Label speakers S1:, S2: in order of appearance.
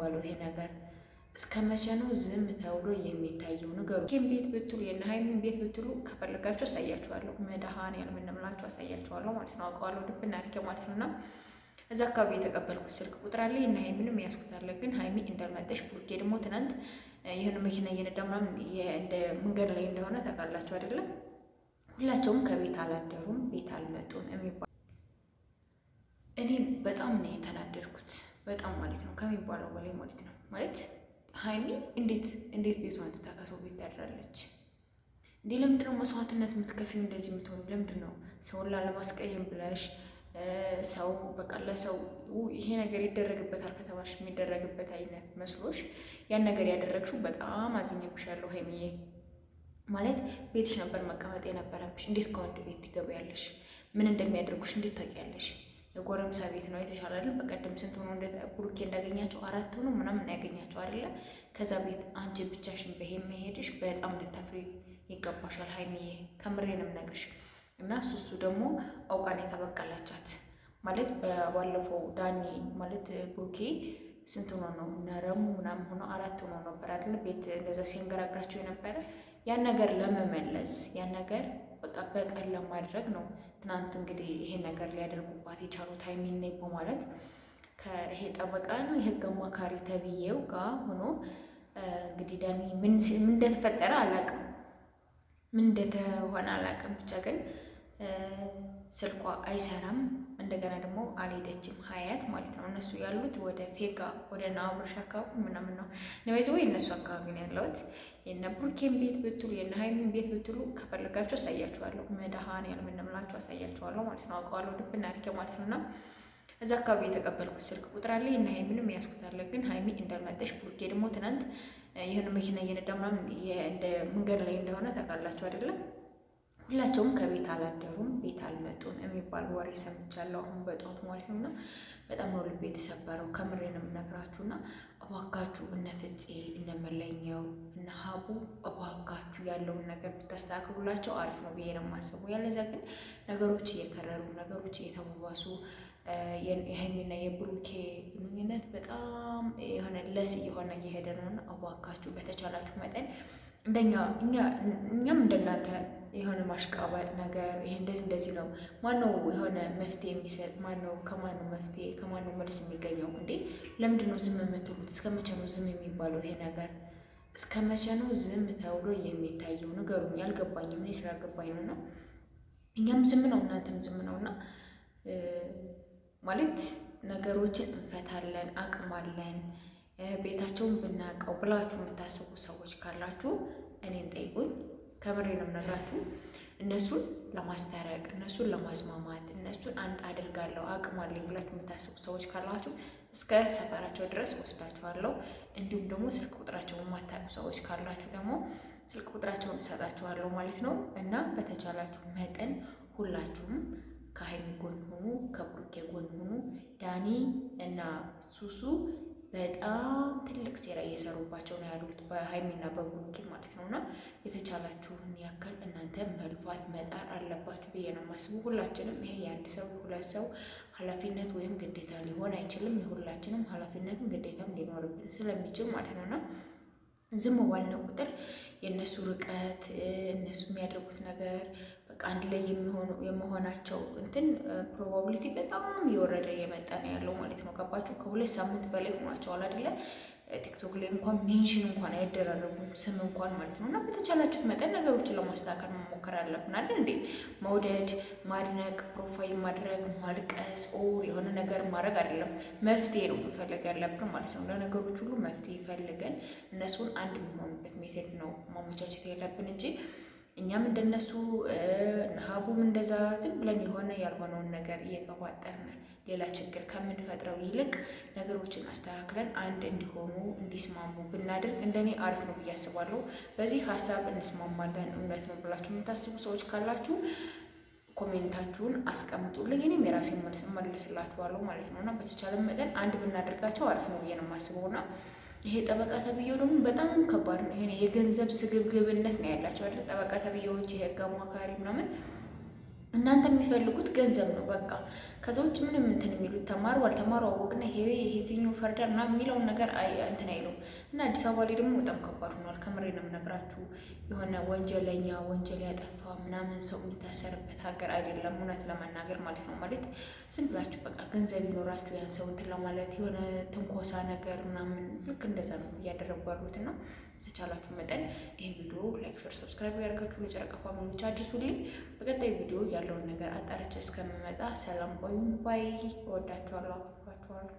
S1: የሚባለው ይሄ ነገር? እስከ መቼ ነው ዝም ተብሎ የሚታየው? ነገሩ ኪም ቤት ብትሉ የነ ሀይሚን ቤት ብትሉ ከፈለጋችሁ አሳያችኋለሁ። መድኃኔዓለም እንደምላችሁ አሳያችኋለሁ ማለት ነው። አውቀዋለሁ ድብን እናድርገው ማለት ነው። እና እዛ አካባቢ የተቀበልኩት ስልክ ቁጥር አለ። የነ ሀይሚንም ያስኩታለ። ግን ሀይሚ እንዳልመጠሽ ብሩኬ ደግሞ ትናንት ይህን መኪና እየነዳ ምናምን መንገድ ላይ እንደሆነ ታውቃላችሁ አይደለም? ሁላቸውም ከቤት አላደሩም፣ ቤት አልመጡም የሚባል እኔ በጣም ነው የተናደድኩት። በጣም ማለት ነው ከሚባለው በላይ ማለት ነው። ማለት ሀይሚ እንዴት እንዴት ቤቷን ትታ ከሰው ቤት ታድራለች እንዴ? ለምንድን ነው መስዋዕትነት የምትከፊው እንደዚህ የምትሆኑ? ለምንድን ነው ሰውን ላለማስቀየም ብለሽ ሰው በቃ ለሰው ይሄ ነገር ይደረግበታል ከተባልሽ የሚደረግበት አይነት መስሎሽ ያን ነገር ያደረግሽው በጣም አዝኜብሻለሁ ሀይሚዬ። ማለት ቤትሽ ነበር መቀመጥ የነበረብሽ። እንዴት ከወንድ ቤት ትገቢያለሽ? ምን እንደሚያደርጉሽ እንዴት ታውቂያለሽ? የጎረምሳ ቤት ነው የተሻለ አይደል? በቀደም ስንት ሆኖ ብሩኬ እንዳገኛቸው አራት ሆኖ ምናምን ያገኛቸው አይደለ? ከዛ ቤት አንቺ ብቻሽን በሄ መሄድሽ በጣም ልታፍሪ ይገባሻል ሀይሚዬ፣ ከምሬንም ነግርሽ እና እሱ እሱ ደግሞ አውቃን የተበቀለቻት ማለት በባለፈው ዳኒ ማለት ብሩኬ ስንት ሆኖ ነው ነረሙ ምናምን ሆኖ አራት ሆኖ ነበር አይደል? ቤት እንደዛ ሲያንገራግራቸው የነበረ ያን ነገር ለመመለስ ያን ነገር በቃ በቀል ለማድረግ ነው። ትናንት እንግዲህ ይሄ ነገር ሊያደርጉባት የቻሉት ሀይሚን በማለት ይሄ ጠበቃ ነው የህግ አማካሪ ተብዬው ጋር ሆኖ እንግዲህ ዳኒ ምን እንደተፈጠረ አላቅም፣ ምን እንደተሆነ አላቅም ብቻ ግን ስልኳ አይሰራም። እንደገና ደግሞ አልሄደችም ሀያት ማለት ነው። እነሱ ያሉት ወደ ፌጋ ወደ ናብሮሽ አካባቢ ምናምን ነው ነበዚ ወይ እነሱ አካባቢ ነው ያለሁት። የነ ቡርኬን ቤት ብትሉ የነ ሀይሚን ቤት ብትሉ ከፈለጋችሁ አሳያችኋለሁ። መድሃን ያልምንምላችሁ አሳያችኋለሁ ማለት ነው። አውቀዋለሁ ልብ እናድርገው ማለት ነው እና እዛ አካባቢ የተቀበልኩት ስልክ ቁጥር አለ እና ሀይሚንም ያስኩታለ። ግን ሀይሚ እንዳልመጠሽ ቡርኬ ደግሞ ትናንት ይህን መኪና እየነዳ ምናምን እንደ መንገድ ላይ እንደሆነ ታውቃላችሁ አይደለም ሁላቸውም ከቤት አላደሩም ቤት አልመጡም የሚባል ወሬ ሰምቻለሁ አሁን በጠዋት ማለት ነው። እና በጣም ነው ልቤ የተሰበረው ከምሬ ነው የምነግራችሁ። እና እባካችሁ እነ ፍፄ እነ መለኛው እነ ሀቡ እባካችሁ ያለውን ነገር ብታስተካክሉላቸው አሪፍ ነው ብዬ ነው የማስበው። ያለዚያ ግን ነገሮች እየከረሩ ነገሮች እየተባባሱ የሀይሚና የብሩኬ ግንኙነት በጣም የሆነ ለስ እየሆነ እየሄደ ነው እና እባካችሁ በተቻላችሁ መጠን እንደኛ እኛም እንደናንተ የሆነ ማሽቃባጥ ነገር ይሄ እንደዚህ እንደዚህ ነው። ማነው የሆነ መፍትሄ የሚሰጥ? ማነው ከማነው መፍትሄ ከማነው መልስ የሚገኘው? እንዴ ለምንድን ነው ዝም የምትሉት? እስከ መቼ ነው ዝም የሚባለው? ይሄ ነገር እስከ መቼ ነው ዝም ተብሎ የሚታየው? ንገሩኝ። ያልገባኝም እኔ ስላልገባኝ ነው። እኛም ዝም ነው፣ እናንተም ዝም ነው እና ማለት ነገሮችን እንፈታለን፣ አቅም አለን፣ ቤታቸውን ብናውቀው ብላችሁ የምታስቡ ሰዎች ካላችሁ እኔን ጠይቁኝ። ከምሬ ነው የምነግራችሁ። እነሱን ለማስታረቅ እነሱን ለማስማማት እነሱን አንድ አድርጋለሁ አቅም አለኝ ብላችሁ የምታስቡ ሰዎች ካላችሁ እስከ ሰፈራቸው ድረስ ወስዳችኋለሁ። እንዲሁም ደግሞ ስልክ ቁጥራቸውን የማታውቁ ሰዎች ካላችሁ ደግሞ ስልክ ቁጥራቸውን እሰጣችኋለሁ ማለት ነው። እና በተቻላችሁ መጠን ሁላችሁም ከሀይሚ ጎን ሁኑ፣ ከብሩኬ ጎን ሁኑ። ዳኒ እና ሱሱ በጣም ትልቅ ሴራ እየሰሩባቸው ነው ያሉት በሀይሚና በቡሩኬ ማለት ነው። እና የተቻላችሁን ያክል እናንተ መልፋት መጣር አለባችሁ ብዬ ነው የማስበው። ሁላችንም ይሄ የአንድ ሰው ሁለት ሰው ኃላፊነት ወይም ግዴታ ሊሆን አይችልም። የሁላችንም ኃላፊነትም ግዴታም ሊኖርብን ስለሚችል ማለት ነው እና ዝም ባልነው ቁጥር የእነሱ ርቀት እነሱ የሚያደርጉት ነገር በቃ አንድ ላይ የመሆናቸው እንትን ፕሮባብሊቲ በጣም እየወረደ እየመጣ ነው ያለው ማለት ነው። ገባችሁ? ከሁለት ሳምንት በላይ ሆኗቸዋል አይደለ? ቲክቶክ ላይ እንኳን ሜንሽን እንኳን አይደራረጉም ስም እንኳን ማለት ነው። እና በተቻላችሁት መጠን ነገሮችን ለማስተካከል መሞከር አለብን አይደል እንዴ? መውደድ፣ ማድነቅ፣ ፕሮፋይል ማድረግ፣ ማልቀስ፣ ኦር የሆነ ነገር ማድረግ አይደለም። መፍትሄ ነው መፈለግ ያለብን ማለት ነው። ለነገሮች ሁሉ መፍትሄ ፈልገን እነሱን አንድ የሚሆኑበት ሜቴድ ነው ማመቻቸት ያለብን እንጂ እኛም እንደነሱ ሀቡም እንደዛ ዝም ብለን የሆነ ያልሆነውን ነገር እየቀዋጠርን ሌላ ችግር ከምንፈጥረው ይልቅ ነገሮችን አስተካክለን አንድ እንዲሆኑ እንዲስማሙ ብናደርግ እንደኔ አሪፍ ነው ብዬ አስባለሁ። በዚህ ሀሳብ እንስማማለን እውነት ነው ብላችሁ የምታስቡ ሰዎች ካላችሁ ኮሜንታችሁን አስቀምጡልኝ፣ እኔም የራሴን መልስ መልስላችኋለሁ ማለት ነው እና በተቻለ መጠን አንድ ብናደርጋቸው አሪፍ ነው ብዬ ነው የማስበው ና ይሄ ጠበቃ ተብዬው ደግሞ በጣም ከባድ ነው። ይሄ የገንዘብ ስግብግብነት ነው ያላቸው ጠበቃ ተብዬዎች፣ የህግ አማካሪ ምናምን እናንተ የሚፈልጉት ገንዘብ ነው በቃ። ከዛ ውጭ ምንም እንትን የሚሉት ተማሩ አልተማሩ አወቅና ይሄ ይሄኛው ፈርዳል ምናምን የሚለውን ነገር እንትን አይሉም። እና አዲስ አበባ ላይ ደግሞ በጣም ከባድ ሆኗል። ከምሬ ነው የምነግራችሁ። የሆነ ወንጀለኛ ወንጀል ያጠፋ ምናምን ሰው የሚታሰርበት ሀገር አይደለም፣ እውነት ለመናገር ማለት ነው። ማለት ዝም ብላችሁ በቃ ገንዘብ ይኖራችሁ ያን ሰው እንትን ለማለት የሆነ ትንኮሳ ነገር ምናምን ልክ እንደዛ ነው እያደረጉ ያሉት ነው። ተቻላችሁ መጠን ይህ ቪዲዮ ላይክ፣ ሼር፣ ሰብስክራይብ ያደርጋችሁ ለጨረቃ ፋሚሊዎች አድርሱልኝ። በቀጣይ ቪዲዮ ያለውን ነገር አጣርቼ እስከምመጣ ሰላም ቆዩ። ባይ። እወዳችኋለሁ፣ አከብራችኋለሁ።